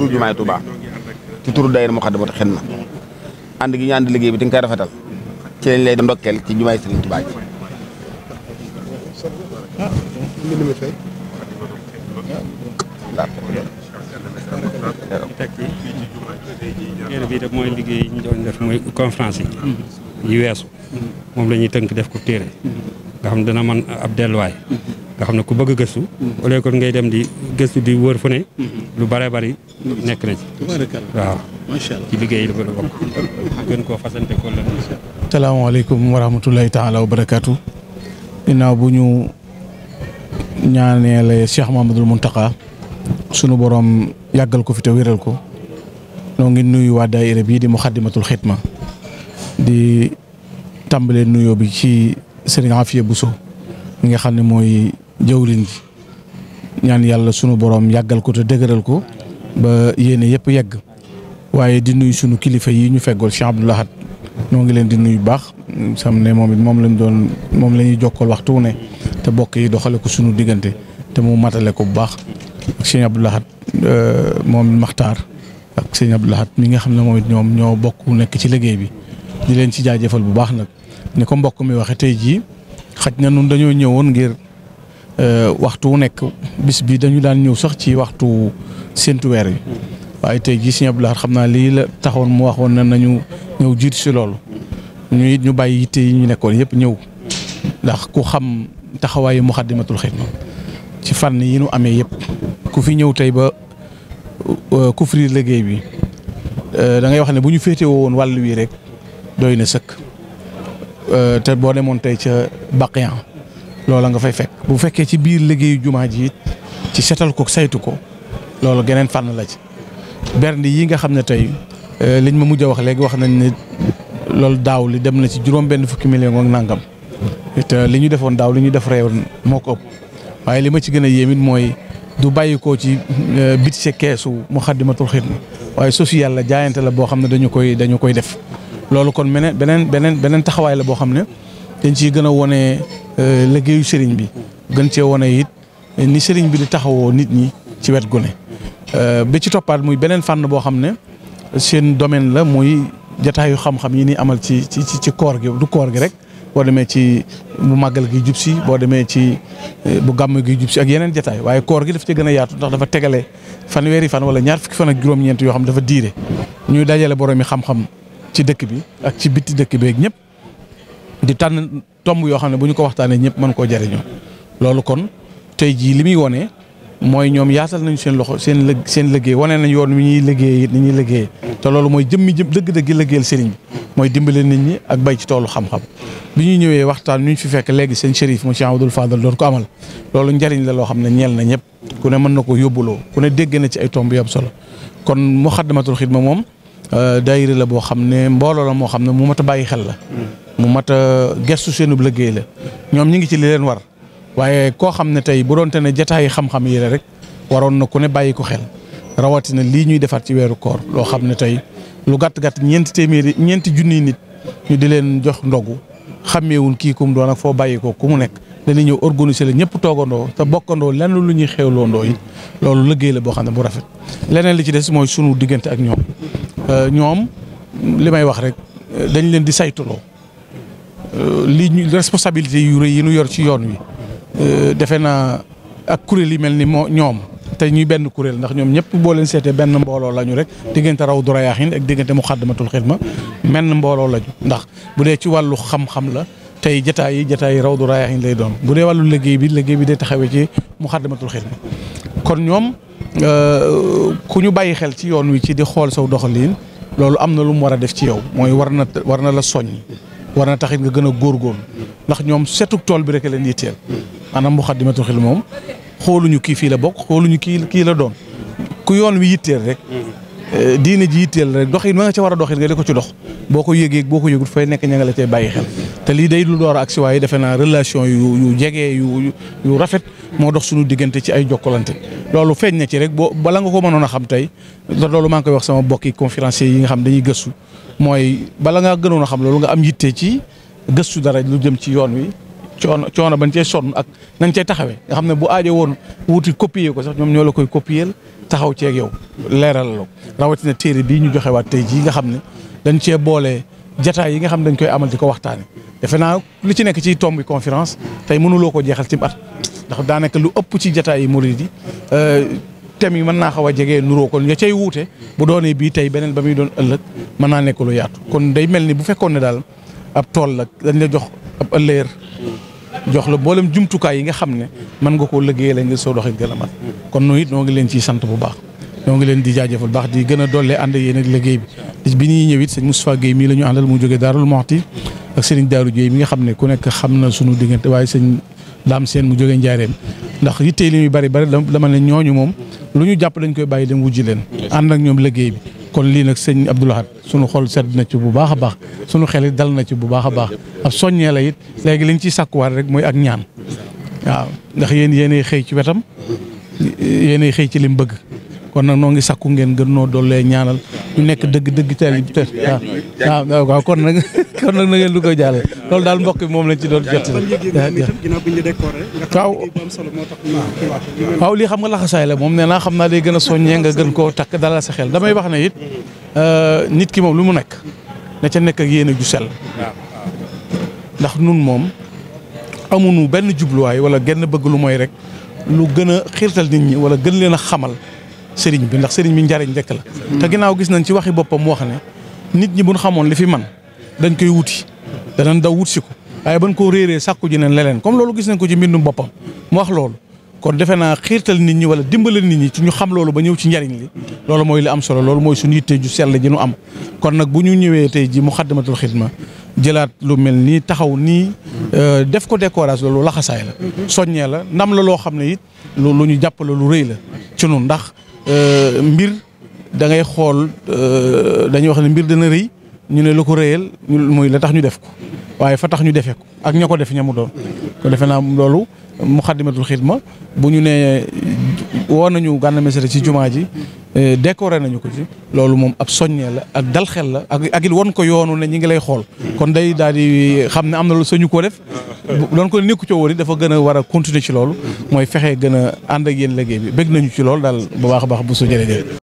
turu jumaay Touba ci turu daayira Moukhaddamatoul Khidma ànd gi ñu ànd liggéey bi di nga koy rafetal ci lañ lay ndokkeel ci jumaay Serigne Touba ji téere bi def mooy liggéey yi ñu doon def mooy conférence yi yi weesu moom la ñuy tënk def ko téere nga xam dana man ab nga xam ne ku bëgg gëstu. au lieu ngay dem di gëstu di wër fu mhm. lu bare bari nekk na waaw ci liggéey la bëgg a bokk. gën koo fasante ko la. salaamaaleykum wa rahmatulahi taala wa barakaatu. ginnaaw bu ñu ñaaneele Cheikh Mamadul Muntaqa sunu borom yàggal ko fi te wéral ko. noo ngi nuyu waa daayira bii di Muxaddamatul Xidma di tàmbalee nuyoo bi ci Serigne Afia Bousso mi nga xam ne mooy jëwriñ ji ñaan yàlla sunu borom yàggal ko te dëgëral ko ba yéene yëpp yegg waaye di nuyu sunu kilifa yi ñu feggool Cheikh Abdou Lahad ñoo ngi leen di nuyu baax sam ne moom it moom lañ doon moom la ñuy jokkal waxtu ne te bokk yi doxale ko sunu diggante te mu matale ko bu baax ak sëñ Abdou Lahad euh, moom it Maxtaar ak sëñ Abdou Lahad mi nga xam ne moom it ñoom ñoo bokk nekk ci liggéey bi di leen ci jaajëfal bu baax nag ni ko mbokk mi waxe tey jii xaj na nun dañoo ñëwoon ngir. Euh, waxtu wu nekk bis bi dañu daan ñëw sax ci waxtu séntu weer waaye tey jii Sëñ Abdou xam naa lii la taxoon mu waxoon na nañu ñëw jiitu si loolu ñu it ñu bàyyi yitte yi ñu nekkoon yëpp ñëw ndax ku xam taxawaayu Muxaddamatul Xidma ci fànn yi nu amee yëpp ku fi ñëw tey ba euh, couvrir liggéey bi euh, dangay wax ne bu ñu féetewoo woon wàll wii rek doy na sëkk te boo demoon tey ca Baqiyan loola nga fay fekk bu fekkee ci biir liggéeyu jumaa ji it ci setal ko saytu ko loolu geneen fànn la ci bernde yi nga xam ne tey euh, liñ ma mujj a wax léegi wax nañ ne loolu daaw li dem na ci juróom fukki million nangam li ñu defoon daaw li ñu def réew moo ko ëpp waaye li ma ci gën a yéem it mooy du bàyyi ko ci euh, bit se keesu Muxaddamatul Xidma waaye social la jaayante la boo xam ne dañu koy dañu koy def loolu kon meneen beneen beneen beneen taxawaay la boo xam ne dañ ci gën a wone euh, liggéeyu sëriñ bi gën cee wone it ni sëriñ bi di taxawoo nit ñi ci wet gu ne euh, bi ci toppaat muy beneen fànn boo xam ne seen domaine la muy jataayu xam-xam yi ni amal ci ci ci koor gi du koor gi rek boo demee ci bu màggal gi jub si boo demee ci euh, bu gàmm gi jub si ak yeneen jataay waaye koor gi daf ci gën a yaatu ndax dafa tegale fanweeri fan wala ñaar fukki fan ak juróom-ñeent yoo xam dafa diire ñuy dajale boroomi xam-xam ci dëkk bi ak ci bitti dëkk beeg ñëpp di tànn tomb yoo xam ne bu ñu ko waxtaanee ñëpp man koo jariñoo loolu kon tey jii li muy wone mooy ñoom yaatal nañu seen loxo seen lë seen liggéey wane nañ yoon wi ñuy liggéey ni ñuy liggéey te loolu mooy jëmmi jëm dëgg-dëgg liggéeyal sëriñ bi mooy dimbale nit ñi ak bay ci toolu xam-xam bi ñuy ñëwee waxtaan ñu fi fekk léegi seen shérif mu Cheikh Abdoul Fadal doon ko amal loolu njariñ la loo xam ne ñeel na ñëpp ku ne mën na ko yóbbuloo ku ne dégg na ci ay tomb yu am solo kon Muxaddamatul Xidma moom euh, daayira la boo xam ne mbooloo la moo xam ne mu mat a bàyyi xel la mu mat a gestu seenub liggéey la ñoom ñi ngi ci li leen war waaye koo xam ne tey bu doonte ne jataayi xam-xam yi la rek waroon na ku ne bàyyi ko xel rawatina lii ñuy defar ci weeru koor loo xam ne tey lu gàtt gàtt ñeenti téeméeri ñeenti junniy nit ñu di leen jox ndogu xàmmeewuñ kii kum doon ak foo bàyyi ko ku mu nekk. dañuy ñëw organiser la ñëpp toogandoo te bokkandoo lenn lu ñuy xewloondoo yi loolu liggéey la boo xam ne bu rafet leneen li ci des mooy sunu diggante ak ñoom euh, ñoom li may wax rek dañ leen di saytuloo Euh, li ñu responsabilité yu rëy yi nu yor ci yoon wi euh, defe na ak kuréel yi mel ni moo ñoom te ñuy benn kuréel ndax ñoom ñëpp boo leen seetee benn mbooloo lañu rek diggante raw du rayaaxin ak diggante mu xaddamatul xidma menn mbooloo lañu ndax bu dee ci wàllu xam-xam la tey jataay yi jataay raw du rayaaxin lay doon bu dee wàllu liggéey bi liggéey bi day taxawee ci mu xaddamatul xidma kon ñoom euh, ku ñu bàyyi xel ci yoon wi ci di xool saw doxaliin loolu am na lu mu war a def ci yow mooy war war na la soññ war na taxit nga gën a góorgóorlu ndax ñoom setuk tool bi rek leen yitteel maanaam Moukhaddamatoul Khidma moom xooluñu kii fii la bokk xooluñu kii kii la doon ku yoon wi yitteel rek eh, diine ji yitteel rek doxin ma nga ca war a doxin nga di ko ci dox boo ko yëgee boo ko yëgut fay nekk ña nga la cay bàyyi xel te lii day lu door ak si waaye defe naa relation yu yu jege yu yu rafet moo dox suñu diggante ci ay jokkalante loolu feeñ na ci rek boo bala nga ko mënoon a xam tey loolu maa ngi koy wax sama bokki conférencier yi nga xam dañuy gëstu mooy bala ngaa gënoon a xam loolu nga am yitte ci gëstu dara lu jëm ci yoon wi coono coono bañ cee sonn ak nañ cee taxawee nga xam ne bu aajo woon wuti copier ko sax ñoom ñoo la koy copier taxaw ceeg yow leeral la rawatina téere bii ñu joxewaat tey jii nga xam ne dañ cee boolee jataay yi nga xam dañ koy amal di ko waxtaane defe naa lu ci nekk ci tomb conférence tey mënuloo ko jeexal ci at ndax daanaka lu ëpp ci jataay yi murid yi euh, thème yi mën naa xaw a jege nuroo kon ya cay wuute bu doonee bii tey beneen ba muy doon ëllëg mën naa nekk lu yaatu kon day mel ni bu fekkoon ne daal ab tool lag dañ la jox ab ëllëer jox la mboolem jumtukaay yi nga xam ne mën nga koo liggéeyee lañ ngir soo doxee gën a mat kon noonu it noo ngi leen ciy sant bu baax ñoo ngi leen di jaajëfal baax di gën a dollee ànd yéen liggéey bi bi ñuy ñëw it sëñ Moustapha Guèye mii la ñu àndal mu jógee Darou Moxti ak sëriñ Daaru Guèye mi nga xam ne ku nekk xam na sunu diggante waaye sëñ daam seen mu jóge Njaareem ndax yitte li muy bari bari dama ne ñooñu moom lu ñu jàpp dañ koy bàyyi dem wujji leen ànd ak ñoom liggéey bi kon lii nag sëñ Abdou Lahad sunu xol sedd na ci bu baax a baax sunu xel dal na ci bu baax a baax ab soññee la it léegi liñ ciy sàkkuwaat rek mooy ak ñaan waaw ndax yéen yéenay xëy ci wetam yéenay xëy ci lim bëgg kon nag noo ngi sàkku ngeen gën noo dool doolee ñaanal lu nekk dëgg dëgg teel te waaw waaw waaw kon nag kon nag na ngeen lu ko jàlle loolu daal mbokk bi moom lañ ci doon jot waaw waaw lii xam nga laxasaay la moom nee naa xam naa day gën a soññee nga gën koo takk dalal sa xel damay wax ne it euh, nit ki moom lu mu nekk na ca nekk ak yéene ju sel ndax nun moom amuñu benn jubluwaay wala genn bëgg lu mooy rek lu gën a xiirtal nit ñi wala gën leen a xamal sëriñ bi ndax sëriñ bi njariñ njëkk la te ginnaaw gis nañ ci waxi boppam wax ne nit ñi nu xamoon li fi man dañ koy wuti danañ daw wut si ko waaye bañ ko réeree sàkku ju ne leneen comme loolu gis nañ ko ci mbindum boppam mu wax loolu kon defe naa xiirtal nit ñi wala dimbale nit ñi ci ñu xam loolu ba ñëw ci njariñ li loolu mooy li am solo loolu mooy suñu yitte ju sell ji nu am kon nag bu ñu ñëwee tey ji mu xaddamatul xidma jëlaat lu mel nii taxaw nii euh, def ko décoration loolu laxasaay la soññee la ndam la loo xam ne it lu ñu jàppale lu rëy la ci ndax Euh, mbir da ngay xool euh, dañuy wax ne mbir dana rëy ñu ne la ko rëyal la tax ñu def ko waaye fa tax ñu defee ko ak ña ko def ñamu mu doon. ko defe naa loolu muxaddamatul xidma bu ñu nee woo nañu Gana Messere ci jumaa ji Euh, décoré nañu ko ci loolu moom ab soññee la ak dal xel la ak ak it won ko yoonu ne ñi ngi lay xool kon day daal di xam ne am na lu sañu ko def doon ko nekku ci woon it dafa gën a war a continuer ci loolu mooy fexe gën a ànd ak yéen léggéey bi bëgg nañu ci loolu daal bu baax a baax bu su jërëjëf